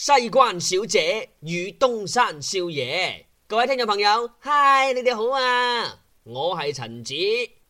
西關小姐與東山少爺，各位聽眾朋友，嗨，你哋好啊！我係陳子，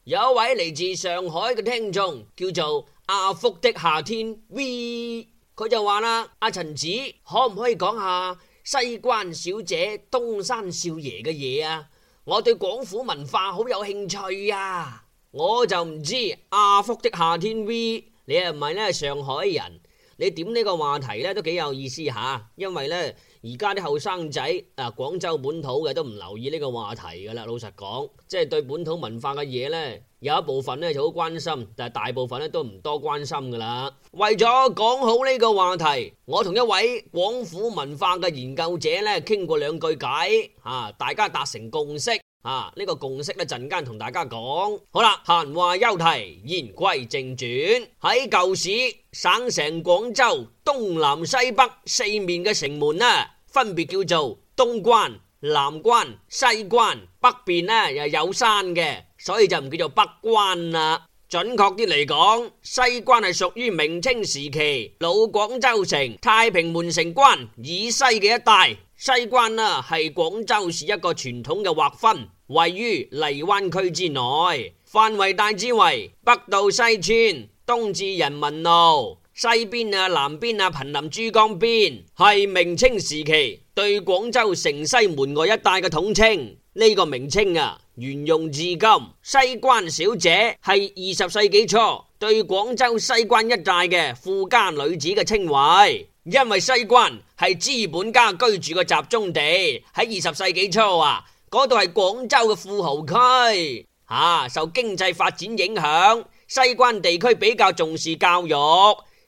有一位嚟自上海嘅聽眾叫做阿福的夏天 V，佢就話啦：阿、啊、陳子可唔可以講下西關小姐、東山少爺嘅嘢啊？我對廣府文化好有興趣啊！我就唔知阿福的夏天 V 你係唔係呢上海人。你點呢個話題呢都幾有意思嚇，因為呢，而家啲後生仔啊，廣州本土嘅都唔留意呢個話題噶啦。老實講，即係對本土文化嘅嘢呢，有一部分呢就好關心，但係大部分呢都唔多關心噶啦。為咗講好呢個話題，我同一位廣府文化嘅研究者呢傾過兩句偈嚇，啊，大家達成共識。啊！呢個共識咧，陣間同大家講好啦。閒話休提，言歸正傳。喺舊時省城廣州，東南西北四面嘅城門呢，分別叫做東關、南關、西關、北邊呢又有山嘅，所以就唔叫做北關啦。準確啲嚟講，西關係屬於明清時期老廣州城太平門城關以西嘅一帶。西關啊，係廣州市一個傳統嘅劃分，位於荔灣區之內，範圍大致為北到西村，東至人民路，西邊啊、南邊啊，瀕臨珠江邊，係明清時期對廣州城西門外一帶嘅統稱。呢個名稱啊，沿用至今。西關小姐係二十世紀初對廣州西關一帶嘅富家女子嘅稱謂。因為西關係資本家居住嘅集中地，喺二十世紀初啊，嗰度係廣州嘅富豪區。吓，啊，受經濟發展影響，西關地區比較重視教育，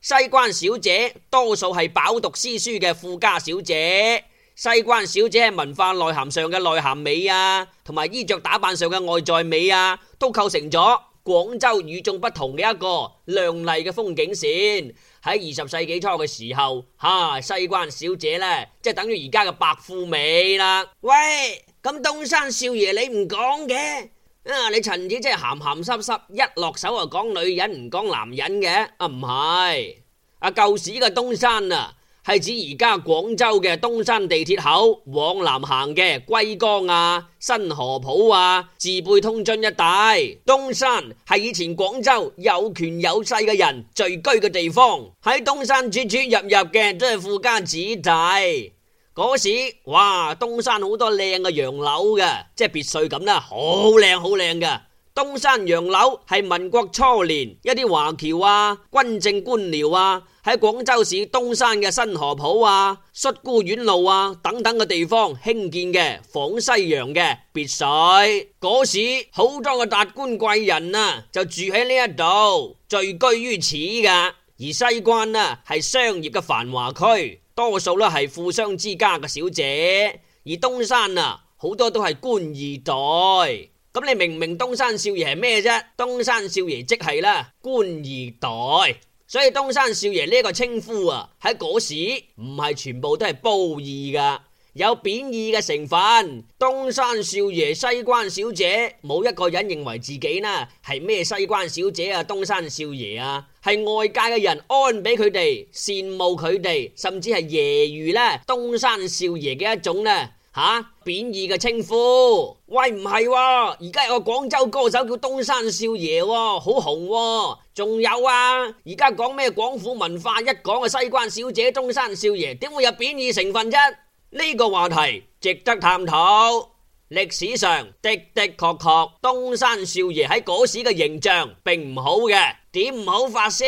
西關小姐多數係飽讀詩書嘅富家小姐。西關小姐喺文化內涵上嘅內涵美啊，同埋衣着打扮上嘅外在美啊，都構成咗廣州與眾不同嘅一個亮麗嘅風景線。喺二十世紀初嘅時候，吓、啊、西關小姐呢，即係等於而家嘅白富美啦。喂，咁東山少爺你唔講嘅，你陳子真咸咸濕濕，一落手就講女人唔講男人嘅，啊唔係，啊舊時嘅東山啊！係指而家廣州嘅東山地鐵口往南行嘅龜崗啊、新河浦啊、寺貝通津一帶。東山係以前廣州有權有勢嘅人聚居嘅地方，喺東山轉轉入入嘅都係富家子弟。嗰時哇，東山好多靚嘅洋樓嘅，即係別墅咁啦，好靚好靚嘅。東山洋樓係民國初年一啲華僑啊、軍政官僚啊。喺廣州市東山嘅新河浦啊、恤孤院路啊等等嘅地方興建嘅仿西洋嘅別墅，嗰時好多嘅達官貴人啊就住喺呢一度，聚居於此噶。而西關啊係商業嘅繁華區，多數咧係富商之家嘅小姐；而東山啊好多都係官二代。咁你明唔明東山少爺係咩啫？東山少爺即係咧官二代。所以東山少爺呢個稱呼啊，喺嗰時唔係全部都係褒義噶，有貶義嘅成分。東山少爺、西關小姐，冇一個人認為自己呢係咩西關小姐啊、東山少爺啊，係外界嘅人安俾佢哋，羨慕佢哋，甚至係揶揄呢東山少爺嘅一種呢。啊！貶義嘅稱呼喂，唔係而家有個廣州歌手叫東山少爺，啊，好紅，啊。仲有啊，而家講咩廣府文化？一講嘅西關小姐、東山少爺，點會有貶義成分啫？呢個話題值得探討。歷史上的的確確，東山少爺喺嗰時嘅形象並唔好嘅，點唔好法先？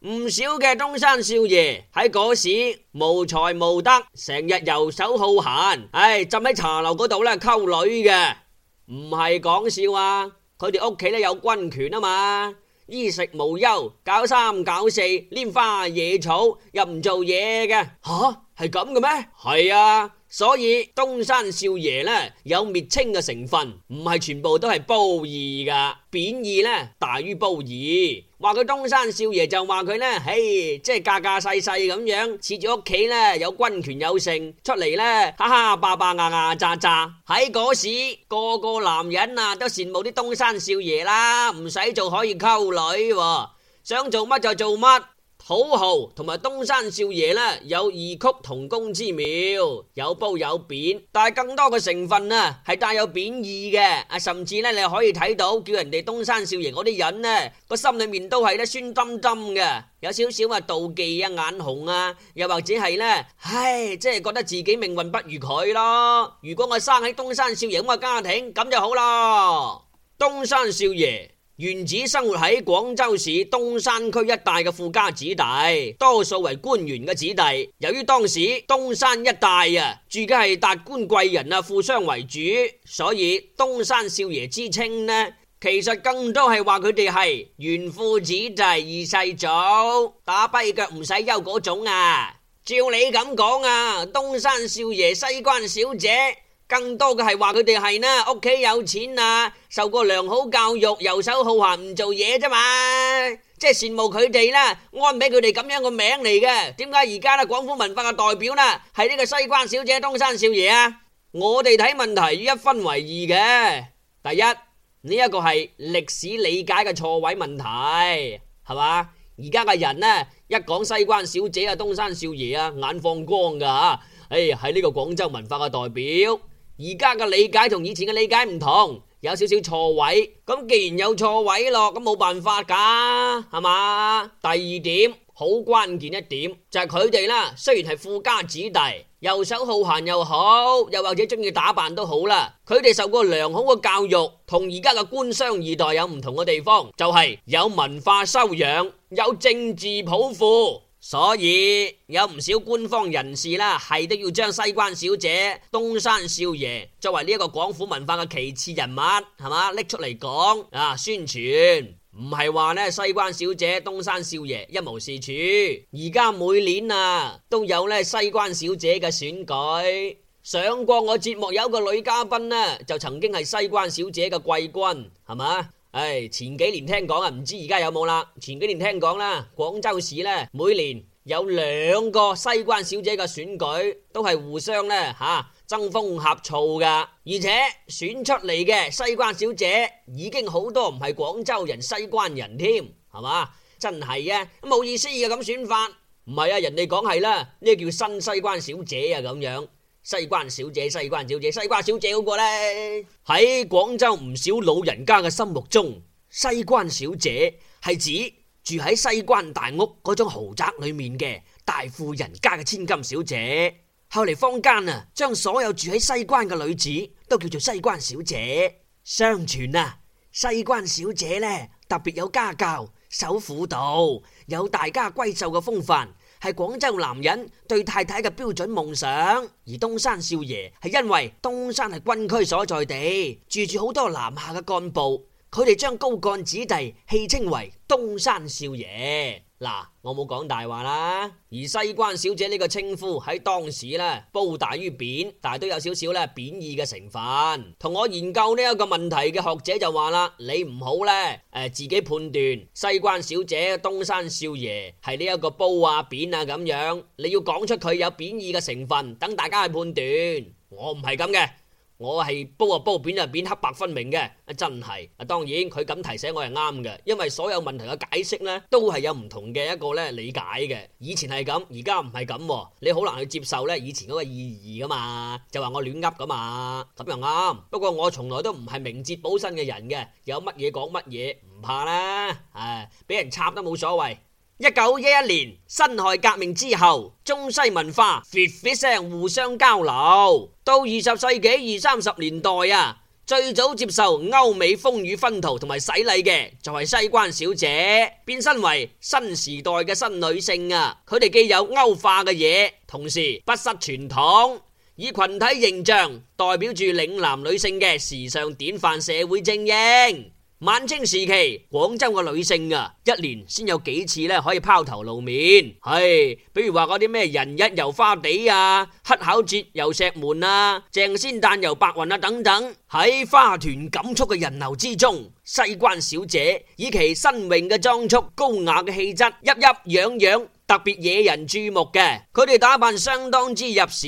唔少嘅東山少爺喺嗰時無才無德，成日游手好閒，唉、哎，浸喺茶樓嗰度咧溝女嘅，唔係講笑啊！佢哋屋企咧有軍權啊嘛，衣食無憂，搞三搞四，拈花惹草又唔做嘢嘅，吓係咁嘅咩？係啊。所以東山少爺呢，有滅清嘅成分，唔係全部都係褒義噶，貶義呢，大於褒義。話佢東山少爺就話佢呢，嘿，即係架架細細咁樣，恃住屋企呢，有軍權有剩，出嚟呢，哈哈霸霸牙牙扎扎。喺嗰時，個個男人啊都羨慕啲東山少爺啦，唔使做可以溝女喎，想做乜就做乜。土豪同埋東山少爺呢，有異曲同工之妙，有褒有貶，但係更多嘅成分呢，係帶有貶義嘅，啊甚至呢，你可以睇到叫人哋東山少爺嗰啲人呢，個心裏面都係呢酸針針嘅，有少少啊妒忌啊眼紅啊，又或者係呢，唉，即係覺得自己命運不如佢咯。如果我生喺東山少爺咁嘅家庭，咁就好咯。東山少爺。原子生活喺廣州市東山區一帶嘅富家子弟，多數為官員嘅子弟。由於當時東山一帶啊住嘅係達官貴人啊富商為主，所以東山少爺之稱呢，其實更多係話佢哋係紈絝子弟，就係二世祖打跛腳唔使憂嗰種啊。照你咁講啊，東山少爺、西關小姐。更多嘅係話佢哋係呢屋企有錢啊，受過良好教育，遊手好閒唔做嘢啫嘛，即係羨慕佢哋啦，安俾佢哋咁樣個名嚟嘅。點解而家呢廣府文化嘅代表呢？係呢個西關小姐、東山少爺啊？我哋睇問題要一分為二嘅。第一呢，一個係歷史理解嘅錯位問題，係咪？而家嘅人呢，一講西關小姐啊、東山少爺啊，眼放光噶吓，誒係呢個廣州文化嘅代表。而家嘅理解同以前嘅理解唔同，有少少錯位。咁既然有錯位咯，咁冇辦法噶，係嘛？第二點好關鍵一點就係佢哋啦，雖然係富家子弟，游手好閒又好，又或者中意打扮都好啦，佢哋受過良好嘅教育，同而家嘅官商二代有唔同嘅地方，就係有文化修養，有政治抱負。所以有唔少官方人士啦，係都要將西關小姐、東山少爺作為呢一個廣府文化嘅旗幟人物，係嘛，拎出嚟講啊宣傳，唔係話咧西關小姐、東山少爺一無是處。而家每年啊都有咧西關小姐嘅選舉，上過我節目有一個女嘉賓呢，就曾經係西關小姐嘅季軍，係嘛。唉，前幾年聽講啊，唔知而家有冇啦。前幾年聽講啦，廣州市呢，每年有兩個西關小姐嘅選舉，都係互相呢，吓爭風呷醋噶，而且選出嚟嘅西關小姐已經好多唔係廣州人、西關人添，係嘛？真係啊，冇意思嘅咁選法，唔係啊，人哋講係啦，呢叫新西關小姐啊，咁樣。西關小姐，西關小姐，西關小姐嗰個呢，喺廣州唔少老人家嘅心目中，西關小姐係指住喺西關大屋嗰種豪宅裏面嘅大富人家嘅千金小姐。後嚟坊間啊，將所有住喺西關嘅女子都叫做西關小姐。相傳啊，西關小姐呢，特別有家教，守婦道，有大家閨秀嘅風範。係廣州男人對太太嘅標準夢想，而東山少爺係因為東山係軍區所在地，住住好多南下嘅幹部，佢哋將高幹子弟戲稱為東山少爺。嗱，我冇講大話啦。而西關小姐呢個稱呼喺當時呢褒大於貶，但係都有少少呢貶義嘅成分。同我研究呢一個問題嘅學者就話啦：你唔好呢誒、呃、自己判斷西關小姐、東山少爺係呢一個褒啊貶啊咁樣。你要講出佢有貶義嘅成分，等大家去判斷。我唔係咁嘅。我係煲啊煲，扁啊扁，黑白分明嘅，啊，真係。啊，當然佢咁提醒我係啱嘅，因為所有問題嘅解釋呢，都係有唔同嘅一個呢理解嘅。以前係咁，而家唔係咁，你好難去接受呢以前嗰個意義噶嘛，就話我亂噏噶嘛，咁又啱。不過我從來都唔係明哲保身嘅人嘅，有乜嘢講乜嘢，唔怕啦，誒，啊，俾人插都冇所謂。一九一一年辛亥革命之後，中西文化互相交流。到二十世紀二三十年代啊，最早接受歐美風雨熏陶同埋洗禮嘅就係西關小姐，變身為新時代嘅新女性啊！佢哋既有歐化嘅嘢，同時不失傳統，以群體形象代表住嶺南女性嘅時尚典範，社會精英。晚清時期，廣州嘅女性啊，一年先有幾次呢可以拋頭露面？唉，比如話嗰啲咩人日遊花地啊、乞巧節遊石門啊、鄭仙誕遊白雲啊等等，喺花團錦簇嘅人流之中，西關小姐以其新穎嘅裝束、高雅嘅氣質，一一樣樣。特別惹人注目嘅，佢哋打扮相當之入時，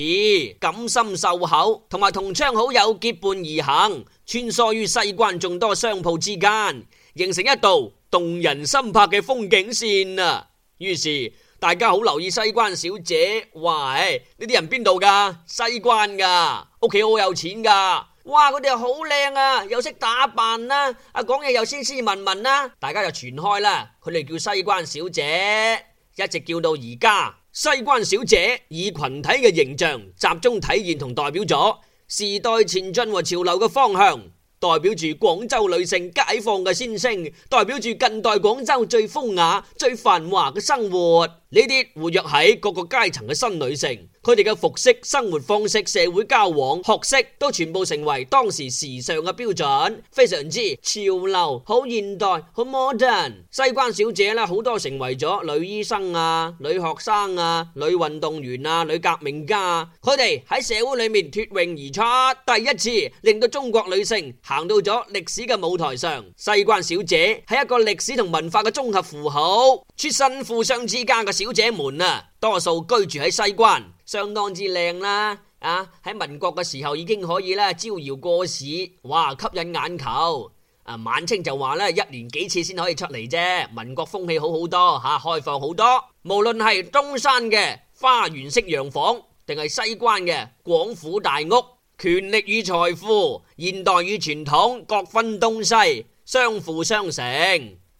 錦心繡口，同埋同窗好友結伴而行，穿梭於西關眾多商鋪之間，形成一道動人心魄嘅風景線啊。於是大家好留意西關小姐，喂，呢啲人邊度噶西關噶屋企好有錢噶，哇，佢哋好靚啊，又識打扮啦、啊，思思聞聞啊講嘢又斯斯文文啦，大家就傳開啦，佢哋叫西關小姐。一直叫到而家，西關小姐以群體嘅形象集中體現同代表咗時代前進和潮流嘅方向，代表住廣州女性解放嘅先聲，代表住近代廣州最風雅、最繁華嘅生活。呢啲活躍喺各個階層嘅新女性，佢哋嘅服飾、生活方式、社會交往、學識都全部成為當時時尚嘅標準，非常之潮流、好現代、好 modern。西關小姐啦，好多成為咗女醫生啊、女學生啊、女運動員啊、女革命家啊，佢哋喺社會裏面脱穎而出，第一次令到中國女性行到咗歷史嘅舞台上。西關小姐係一個歷史同文化嘅綜合符號，出身富商之家嘅。小姐們啊，多數居住喺西關，相當之靚啦。啊，喺民國嘅時候已經可以啦，招搖過市，哇，吸引眼球。啊，晚清就話咧，一年幾次先可以出嚟啫。民國風氣好好多，吓開放好多。無論係東山嘅花園式洋房，定係西關嘅廣府大屋，權力與財富，現代與傳統，各分東西，相輔相成。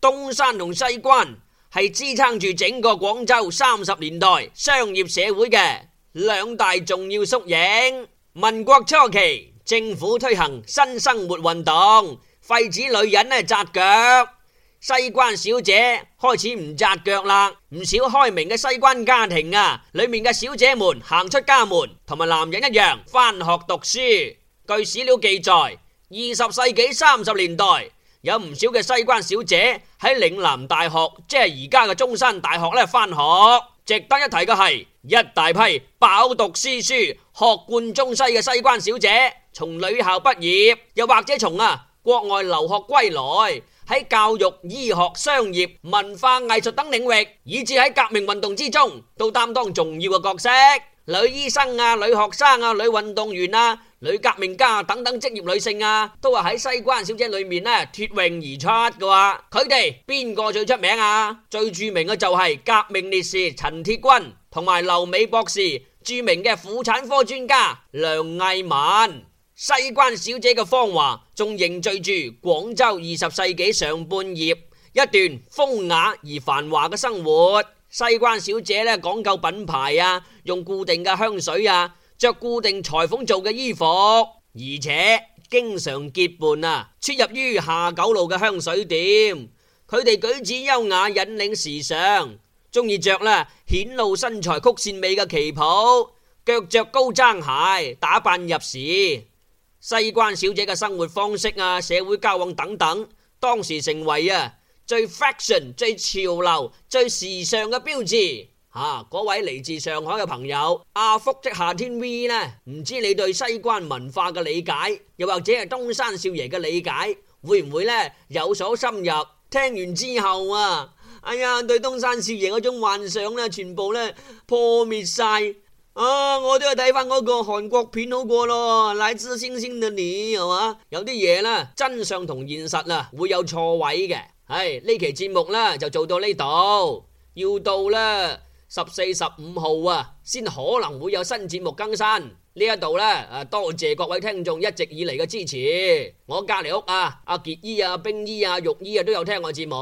東山同西關，係支撐住整個廣州三十年代商業社會嘅兩大重要縮影。民國初期，政府推行新生活運動，廢止女人呢，紮腳。西關小姐開始唔紮腳啦，唔少開明嘅西關家庭啊，裏面嘅小姐們行出家門，同埋男人一樣返學讀書。據史料記載，二十世紀三十年代，有唔少嘅西關小姐喺嶺南大學，即係而家嘅中山大學返學。值得一提嘅係一大批飽讀詩書、學貫中西嘅西關小姐，從女校畢業，又或者從啊國外留學歸來，喺教育、醫學、商業、文化、藝術等領域，以至喺革命運動之中都擔當重要嘅角色。女醫生啊，女學生啊，女運動員啊。女革命家等等職業女性啊，都係喺西關小姐裏面呢脫穎而出嘅話，佢哋邊個最出名啊？最著名嘅就係革命烈士陳鐵軍同埋留美博士，著名嘅婦產科專家梁毅文。西關小姐嘅芳華仲凝聚住廣州二十世紀上半葉一段風雅而繁華嘅生活。西關小姐呢，講究品牌啊，用固定嘅香水啊。着固定裁縫做嘅衣服，而且經常結伴啊出入於下九路嘅香水店。佢哋舉止優雅，引領時尚，中意着啦顯露身材曲綫美嘅旗袍，腳着高踭鞋，打扮入時。西關小姐嘅生活方式啊，社會交往等等，當時成為啊最 fashion、最潮流、最時尚嘅標誌。吓，嗰位嚟自上海嘅朋友阿福即夏天 V 咧，唔知你對西關文化嘅理解，又或者係東山少爺嘅理解，會唔會咧有所深入？聽完之後啊，哎呀，對東山少爺嗰種幻想咧，全部咧破滅晒啊！我都要睇翻嗰個韓國片好過咯，《來自星星的你》係嘛？有啲嘢啦，真相同現實啊會有錯位嘅。係呢期節目啦，就做到呢度，要到啦。十四十五號啊，先可能會有新節目更新呢一度呢，誒、啊，多謝各位聽眾一直以嚟嘅支持。我隔籬屋啊，阿、啊、杰姨啊、冰姨啊、玉姨啊都有聽我節目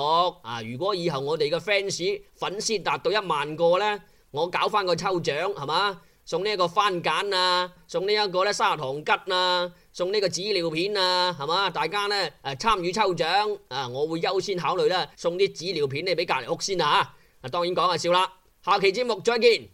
啊。如果以後我哋嘅 fans 粉絲達到一萬個呢，我搞翻個抽獎係嘛，送呢一個番鹼啊，送呢一個咧砂糖桔啊，送呢個紙尿片啊，係嘛，大家呢，誒參與抽獎啊，我會優先考慮咧送啲紙尿片你俾隔籬屋先啊吓。啊，當然講下笑啦。下期節目再見。